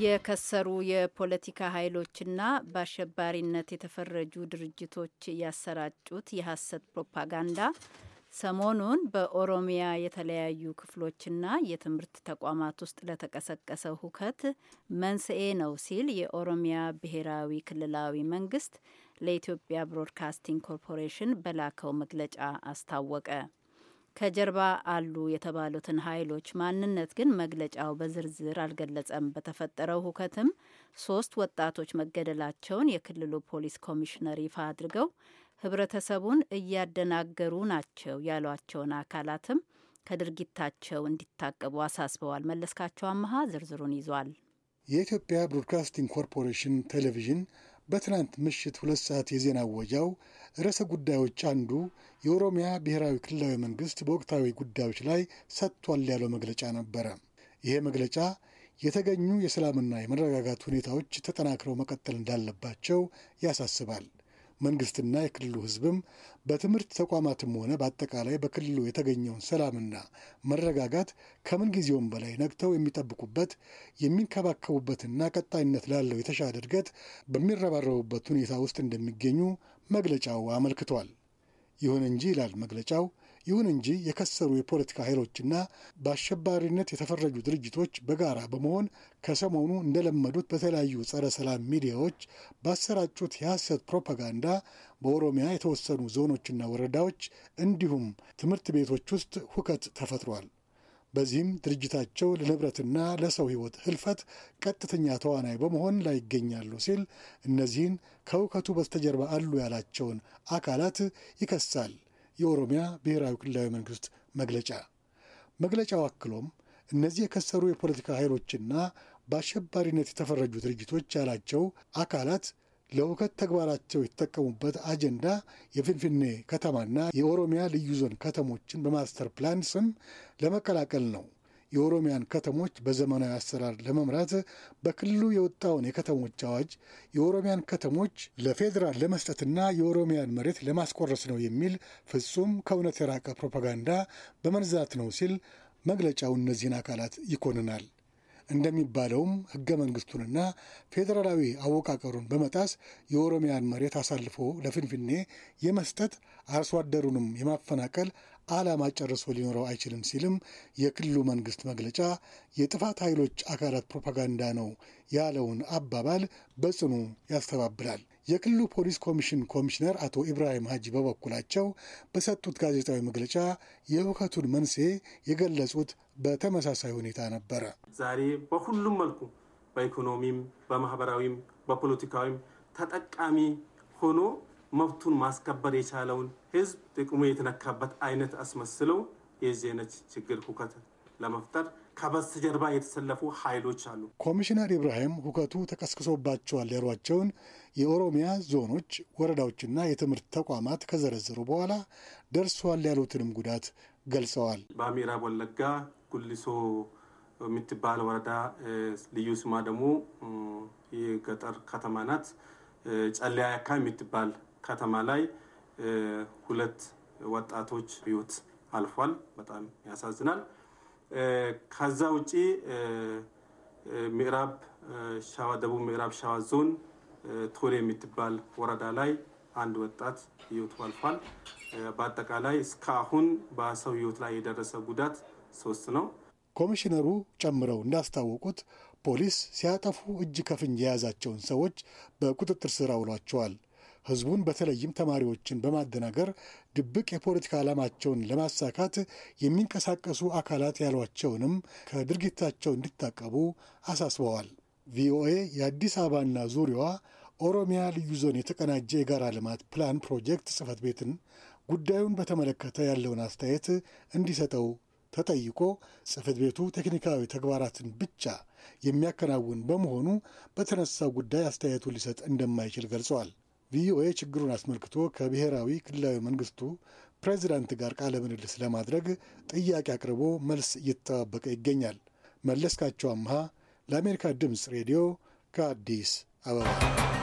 የከሰሩ የፖለቲካ ኃይሎችና በአሸባሪነት የተፈረጁ ድርጅቶች ያሰራጩት የሐሰት ፕሮፓጋንዳ ሰሞኑን በኦሮሚያ የተለያዩ ክፍሎችና የትምህርት ተቋማት ውስጥ ለተቀሰቀሰ ሁከት መንስኤ ነው ሲል የኦሮሚያ ብሔራዊ ክልላዊ መንግስት ለኢትዮጵያ ብሮድካስቲንግ ኮርፖሬሽን በላከው መግለጫ አስታወቀ። ከጀርባ አሉ የተባሉትን ኃይሎች ማንነት ግን መግለጫው በዝርዝር አልገለጸም። በተፈጠረው ሁከትም ሶስት ወጣቶች መገደላቸውን የክልሉ ፖሊስ ኮሚሽነር ይፋ አድርገው ህብረተሰቡን እያደናገሩ ናቸው ያሏቸውን አካላትም ከድርጊታቸው እንዲታቀቡ አሳስበዋል። መለስካቸው አመሃ ዝርዝሩን ይዟል። የኢትዮጵያ ብሮድካስቲንግ ኮርፖሬሽን ቴሌቪዥን በትናንት ምሽት ሁለት ሰዓት የዜና ወጃው ርዕሰ ጉዳዮች አንዱ የኦሮሚያ ብሔራዊ ክልላዊ መንግስት በወቅታዊ ጉዳዮች ላይ ሰጥቷል ያለው መግለጫ ነበረ። ይሄ መግለጫ የተገኙ የሰላምና የመረጋጋት ሁኔታዎች ተጠናክረው መቀጠል እንዳለባቸው ያሳስባል። መንግስትና የክልሉ ህዝብም በትምህርት ተቋማትም ሆነ በአጠቃላይ በክልሉ የተገኘውን ሰላምና መረጋጋት ከምንጊዜውም በላይ ነግተው የሚጠብቁበት የሚንከባከቡበትና ቀጣይነት ላለው የተሻለ እድገት በሚረባረቡበት ሁኔታ ውስጥ እንደሚገኙ መግለጫው አመልክቷል። ይሁን እንጂ ይላል መግለጫው ይሁን እንጂ የከሰሩ የፖለቲካ ኃይሎችና በአሸባሪነት የተፈረጁ ድርጅቶች በጋራ በመሆን ከሰሞኑ እንደለመዱት በተለያዩ ጸረ ሰላም ሚዲያዎች ባሰራጩት የሐሰት ፕሮፓጋንዳ በኦሮሚያ የተወሰኑ ዞኖችና ወረዳዎች እንዲሁም ትምህርት ቤቶች ውስጥ ሁከት ተፈጥሯል። በዚህም ድርጅታቸው ለንብረትና ለሰው ሕይወት ህልፈት ቀጥተኛ ተዋናይ በመሆን ላይ ይገኛሉ ሲል እነዚህን ከእውከቱ በስተጀርባ አሉ ያላቸውን አካላት ይከሳል። የኦሮሚያ ብሔራዊ ክልላዊ መንግስት መግለጫ። መግለጫው አክሎም እነዚህ የከሰሩ የፖለቲካ ኃይሎችና በአሸባሪነት የተፈረጁ ድርጅቶች ያላቸው አካላት ለውከት ተግባራቸው የተጠቀሙበት አጀንዳ የፊንፊኔ ከተማና የኦሮሚያ ልዩ ዞን ከተሞችን በማስተር ፕላን ስም ለመቀላቀል ነው። የኦሮሚያን ከተሞች በዘመናዊ አሰራር ለመምራት በክልሉ የወጣውን የከተሞች አዋጅ የኦሮሚያን ከተሞች ለፌዴራል ለመስጠትና የኦሮሚያን መሬት ለማስቆረስ ነው የሚል ፍጹም ከእውነት የራቀ ፕሮፓጋንዳ በመንዛት ነው ሲል መግለጫው እነዚህን አካላት ይኮንናል። እንደሚባለውም ህገ መንግስቱንና ፌዴራላዊ አወቃቀሩን በመጣስ የኦሮሚያን መሬት አሳልፎ ለፍንፍኔ የመስጠት አርሶ አደሩንም የማፈናቀል ዓላማ ጨርሶ ሊኖረው አይችልም ሲልም የክልሉ መንግስት መግለጫ የጥፋት ኃይሎች አካላት ፕሮፓጋንዳ ነው ያለውን አባባል በጽኑ ያስተባብላል። የክልሉ ፖሊስ ኮሚሽን ኮሚሽነር አቶ ኢብራሂም ሀጂ በበኩላቸው በሰጡት ጋዜጣዊ መግለጫ የሁከቱን መንስኤ የገለጹት በተመሳሳይ ሁኔታ ነበረ። ዛሬ በሁሉም መልኩ በኢኮኖሚም፣ በማህበራዊም፣ በፖለቲካዊም ተጠቃሚ ሆኖ መብቱን ማስከበር የቻለውን ህዝብ ጥቅሙ የተነካበት አይነት አስመስለው የዚህ ችግር ሁከት ለመፍጠር ከበስተጀርባ የተሰለፉ ኃይሎች አሉ። ኮሚሽነር ኢብራሂም ሁከቱ ተቀስቅሶባቸዋል ያሏቸውን የኦሮሚያ ዞኖች፣ ወረዳዎችና የትምህርት ተቋማት ከዘረዘሩ በኋላ ደርሷል ያሉትንም ጉዳት ገልጸዋል። በምዕራብ ወለጋ ጉሊሶ የምትባል ወረዳ ልዩ ስማ ደግሞ የገጠር ከተማ ናት። ጨለያ ያካ የምትባል ከተማ ላይ ሁለት ወጣቶች ህይወት አልፏል። በጣም ያሳዝናል። ከዛ ውጪ ምዕራብ ሸዋ ደቡብ ምዕራብ ሸዋ ዞን ቶሌ የምትባል ወረዳ ላይ አንድ ወጣት ህይወቱ አልፏል። በአጠቃላይ እስካሁን በሰው ህይወት ላይ የደረሰ ጉዳት ሶስት ነው። ኮሚሽነሩ ጨምረው እንዳስታወቁት ፖሊስ ሲያጠፉ እጅ ከፍንጅ የያዛቸውን ሰዎች በቁጥጥር ስር አውሏቸዋል። ህዝቡን በተለይም ተማሪዎችን በማደናገር ድብቅ የፖለቲካ ዓላማቸውን ለማሳካት የሚንቀሳቀሱ አካላት ያሏቸውንም ከድርጊታቸው እንዲታቀቡ አሳስበዋል። ቪኦኤ የአዲስ አበባና ዙሪያዋ ኦሮሚያ ልዩ ዞን የተቀናጀ የጋራ ልማት ፕላን ፕሮጀክት ጽህፈት ቤትን ጉዳዩን በተመለከተ ያለውን አስተያየት እንዲሰጠው ተጠይቆ ጽህፈት ቤቱ ቴክኒካዊ ተግባራትን ብቻ የሚያከናውን በመሆኑ በተነሳው ጉዳይ አስተያየቱን ሊሰጥ እንደማይችል ገልጸዋል። ቪኦኤ ችግሩን አስመልክቶ ከብሔራዊ ክልላዊ መንግስቱ ፕሬዚዳንት ጋር ቃለ ምልልስ ለማድረግ ጥያቄ አቅርቦ መልስ እየተጠባበቀ ይገኛል። መለስካቸው አምሃ ለአሜሪካ ድምፅ ሬዲዮ ከአዲስ አበባ